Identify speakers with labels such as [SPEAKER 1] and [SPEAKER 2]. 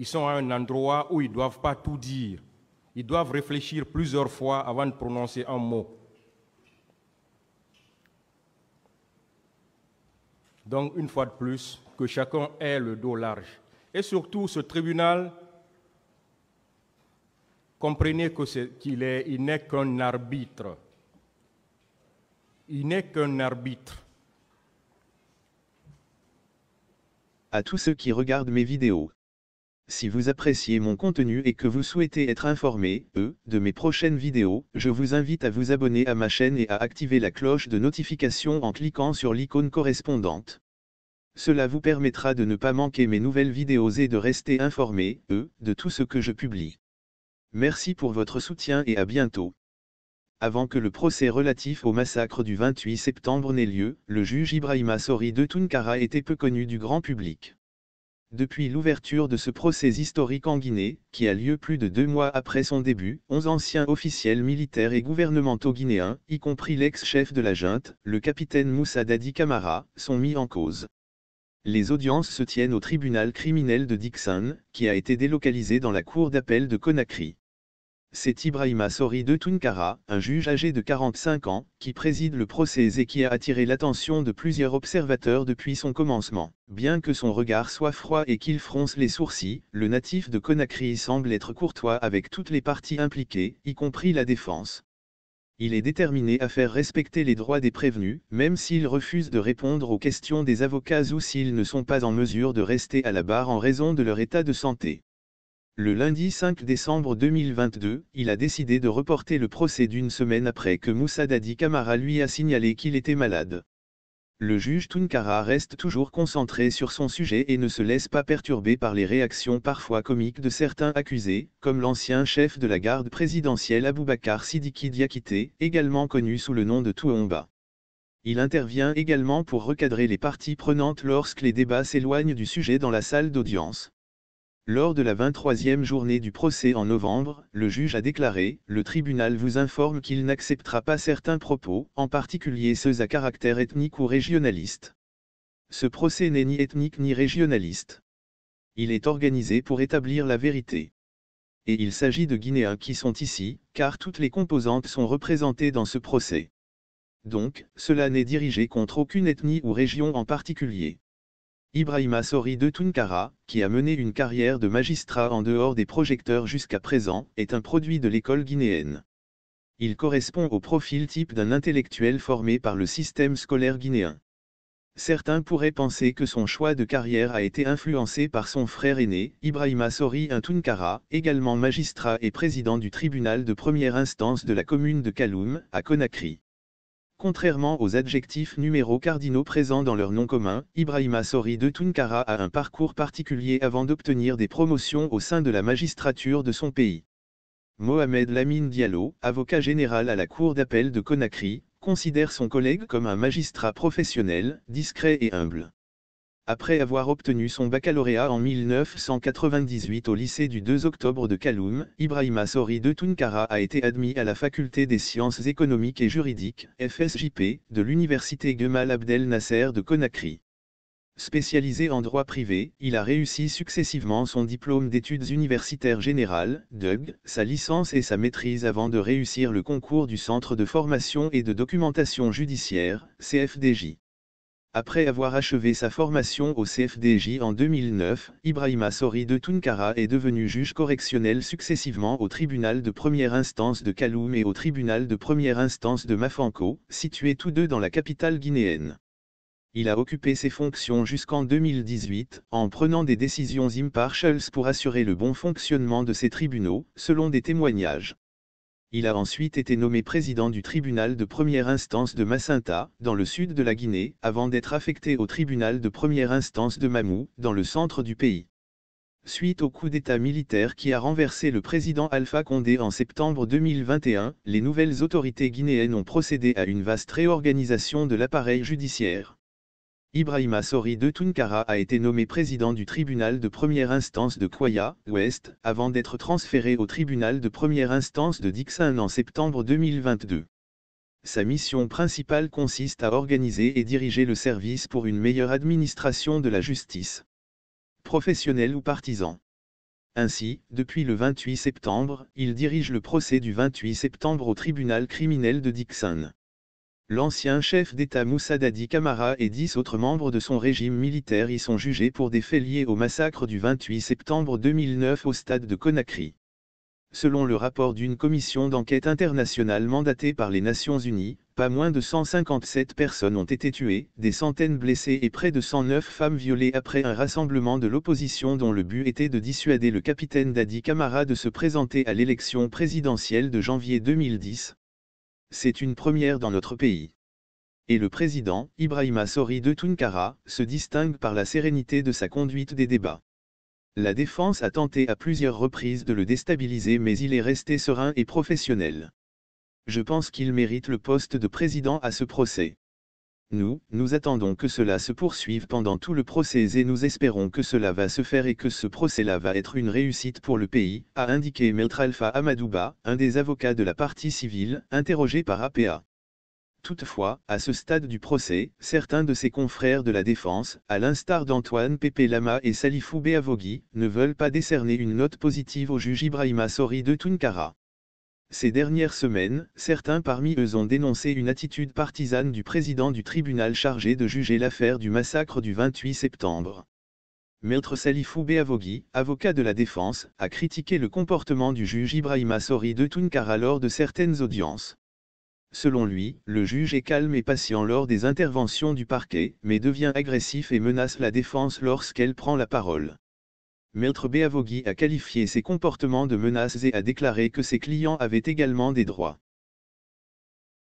[SPEAKER 1] ils sont à un endroit où ils ne doivent pas tout dire. Ils doivent réfléchir plusieurs fois avant de prononcer un mot. Donc, une fois de plus, que chacun ait le dos large. Et surtout, ce tribunal, comprenez qu'il n'est qu'un arbitre. Il n'est qu'un arbitre. À tous ceux qui regardent mes vidéos, si vous appréciez mon contenu et que vous souhaitez être informé, eux, de mes prochaines vidéos, je vous invite à vous abonner à ma chaîne et à activer la cloche de notification en cliquant sur l'icône correspondante. Cela vous permettra de ne pas manquer mes nouvelles vidéos et de rester informé, eux, de tout ce que je publie. Merci pour votre soutien et à bientôt. Avant que le procès relatif au massacre du 28 septembre n'ait lieu, le juge Ibrahima Sori de Tunkara était peu connu du grand public. Depuis l'ouverture de ce procès historique en Guinée, qui a lieu plus de deux mois après son début, onze anciens officiels militaires et gouvernementaux guinéens, y compris l'ex-chef de la junte, le capitaine Moussa Dadi Kamara, sont mis en cause. Les audiences se tiennent au tribunal criminel de Dixon, qui a été délocalisé dans la cour d'appel de Conakry c'est Ibrahima Sori de Tunkara, un juge âgé de 45 ans, qui préside le procès et qui a attiré l'attention de plusieurs observateurs depuis son commencement. Bien que son regard soit froid et qu'il fronce les sourcils, le natif de Conakry semble être courtois avec toutes les parties impliquées, y compris la défense. Il est déterminé à faire respecter les droits des prévenus, même s'il refuse de répondre aux questions des avocats ou s'ils ne sont pas en mesure de rester à la barre en raison de leur état de santé. Le lundi 5 décembre 2022, il a décidé de reporter le procès d'une semaine après que Moussa Dadi Kamara lui a signalé qu'il était malade. Le juge Tounkara reste toujours concentré sur son sujet et ne se laisse pas perturber par les réactions parfois comiques de certains accusés, comme l'ancien chef de la garde présidentielle Aboubacar Sidiki Diakité, également connu sous le nom de Touomba. Il intervient également pour recadrer les parties prenantes lorsque les débats s'éloignent du sujet dans la salle d'audience. Lors de la 23e journée du procès en novembre, le juge a déclaré, le tribunal vous informe qu'il n'acceptera pas certains propos, en particulier ceux à caractère ethnique ou régionaliste. Ce procès n'est ni ethnique ni régionaliste. Il est organisé pour établir la vérité. Et il s'agit de Guinéens qui sont ici, car toutes les composantes sont représentées dans ce procès. Donc, cela n'est dirigé contre aucune ethnie ou région en particulier. Ibrahima Sori de Tunkara, qui a mené une carrière de magistrat en dehors des projecteurs jusqu'à présent, est un produit de l'école guinéenne. Il correspond au profil type d'un intellectuel formé par le système scolaire guinéen. Certains pourraient penser que son choix de carrière a été influencé par son frère aîné, Ibrahima Sori Intunkara, également magistrat et président du tribunal de première instance de la commune de Kaloum, à Conakry. Contrairement aux adjectifs numéros cardinaux présents dans leur nom commun, Ibrahima Sori de Tunkara a un parcours particulier avant d'obtenir des promotions au sein de la magistrature de son pays. Mohamed Lamine Diallo, avocat général à la Cour d'appel de Conakry, considère son collègue comme un magistrat professionnel, discret et humble après avoir obtenu son baccalauréat en 1998 au lycée du 2 octobre de Kaloum, Ibrahima Sori de Tunkara a été admis à la faculté des sciences économiques et juridiques, FSJP, de l'université Gemal Abdel Nasser de Conakry. Spécialisé en droit privé, il a réussi successivement son diplôme d'études universitaires générales, DUG, sa licence et sa maîtrise avant de réussir le concours du Centre de formation et de documentation judiciaire, CFDJ. Après avoir achevé sa formation au CFDJ en 2009, Ibrahima Sori de Tunkara est devenu juge correctionnel successivement au tribunal de première instance de Kaloum et au tribunal de première instance de Mafanko, situés tous deux dans la capitale guinéenne. Il a occupé ses fonctions jusqu'en 2018, en prenant des décisions impartiales pour assurer le bon fonctionnement de ses tribunaux, selon des témoignages il a ensuite été nommé président du tribunal de première instance de Massinta, dans le sud de la Guinée, avant d'être affecté au tribunal de première instance de Mamou, dans le centre du pays. Suite au coup d'État militaire qui a renversé le président Alpha Condé en septembre 2021, les nouvelles autorités guinéennes ont procédé à une vaste réorganisation de l'appareil judiciaire. Ibrahima Sori de Tunkara a été nommé président du tribunal de première instance de Kouya, Ouest, avant d'être transféré au tribunal de première instance de Dixon en septembre 2022. Sa mission principale consiste à organiser et diriger le service pour une meilleure administration de la justice, Professionnel ou partisan. Ainsi, depuis le 28 septembre, il dirige le procès du 28 septembre au tribunal criminel de Dixon. L'ancien chef d'État Moussa Dadi Kamara et dix autres membres de son régime militaire y sont jugés pour des faits liés au massacre du 28 septembre 2009 au stade de Conakry. Selon le rapport d'une commission d'enquête internationale mandatée par les Nations Unies, pas moins de 157 personnes ont été tuées, des centaines blessées et près de 109 femmes violées après un rassemblement de l'opposition dont le but était de dissuader le capitaine Dadi Kamara de se présenter à l'élection présidentielle de janvier 2010, c'est une première dans notre pays. Et le président, Ibrahima Sori de Tunkara, se distingue par la sérénité de sa conduite des débats. La défense a tenté à plusieurs reprises de le déstabiliser mais il est resté serein et professionnel. Je pense qu'il mérite le poste de président à ce procès. Nous, nous attendons que cela se poursuive pendant tout le procès et nous espérons que cela va se faire et que ce procès-là va être une réussite pour le pays, a indiqué Meltralfa Amadouba, un des avocats de la partie civile, interrogé par APA. Toutefois, à ce stade du procès, certains de ses confrères de la défense, à l'instar d'Antoine Pépé Lama et Salifou Beavogui, ne veulent pas décerner une note positive au juge Ibrahima Sori de Tunkara. Ces dernières semaines, certains parmi eux ont dénoncé une attitude partisane du président du tribunal chargé de juger l'affaire du massacre du 28 septembre. Maître Salifou Beavogui, avocat de la défense, a critiqué le comportement du juge Ibrahima Sori de Tounkara lors de certaines audiences. Selon lui, le juge est calme et patient lors des interventions du parquet, mais devient agressif et menace la défense lorsqu'elle prend la parole. Maître Beavogui a qualifié ses comportements de menaces et a déclaré que ses clients avaient également des droits.